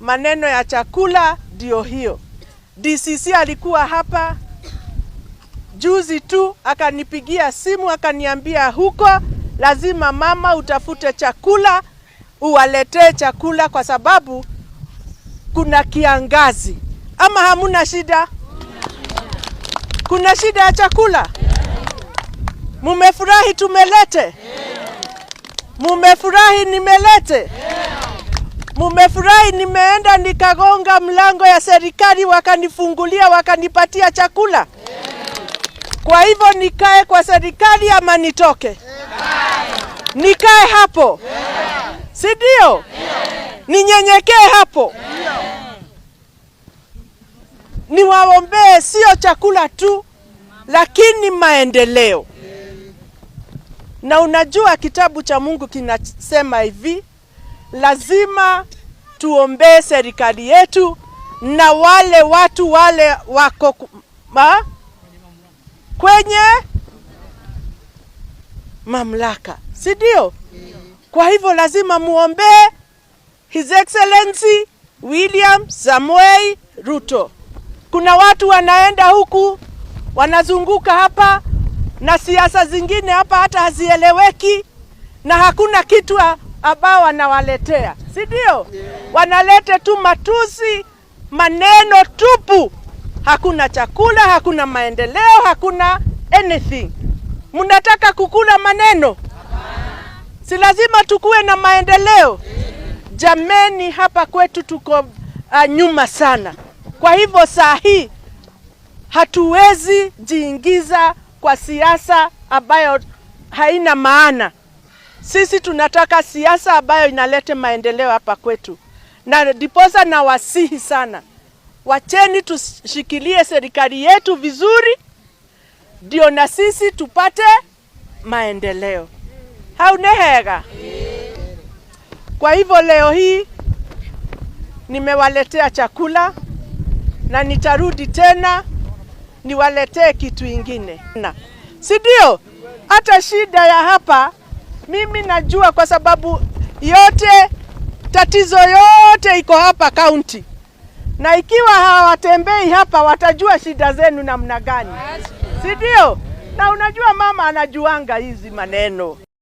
maneno ya chakula ndio hiyo. DCC alikuwa hapa juzi tu, akanipigia simu akaniambia, huko lazima mama utafute chakula uwaletee chakula kwa sababu kuna kiangazi. Ama hamuna shida? Kuna shida ya chakula? Mumefurahi tumelete? Mumefurahi nimelete? Mumefurahi, nimeenda nikagonga mlango ya serikali, wakanifungulia wakanipatia chakula Kwa hivyo nikae kwa serikali ama nitoke? Nikae hapo sindio Si ndio? Ninyenyekee hapo Niwaombee sio chakula tu, lakini maendeleo Na unajua kitabu cha Mungu kinasema hivi lazima tuombee serikali yetu na wale watu wale wako ma, kwenye mamlaka, si ndio? Kwa hivyo lazima muombee His Excellency William Samoei Ruto. Kuna watu wanaenda huku wanazunguka hapa na siasa zingine hapa hata hazieleweki na hakuna kitu ambao wanawaletea, si ndio? Wanalete tu matusi, maneno tupu, hakuna chakula, hakuna maendeleo, hakuna anything. Mnataka kukula maneno? Si lazima tukuwe na maendeleo? Jameni, hapa kwetu tuko uh, nyuma sana. Kwa hivyo saa hii hatuwezi jiingiza kwa siasa ambayo haina maana. Sisi tunataka siasa ambayo inalete maendeleo hapa kwetu, na diposa na wasihi sana, wacheni tushikilie serikali yetu vizuri, ndio na sisi tupate maendeleo haunehega. Kwa hivyo leo hii nimewaletea chakula na nitarudi tena niwaletee kitu ingine, si ndio? Hata shida ya hapa mimi najua kwa sababu yote tatizo yote iko hapa kaunti, na ikiwa hawatembei hapa watajua shida zenu namna gani, si ndio? Na unajua mama anajuanga hizi maneno.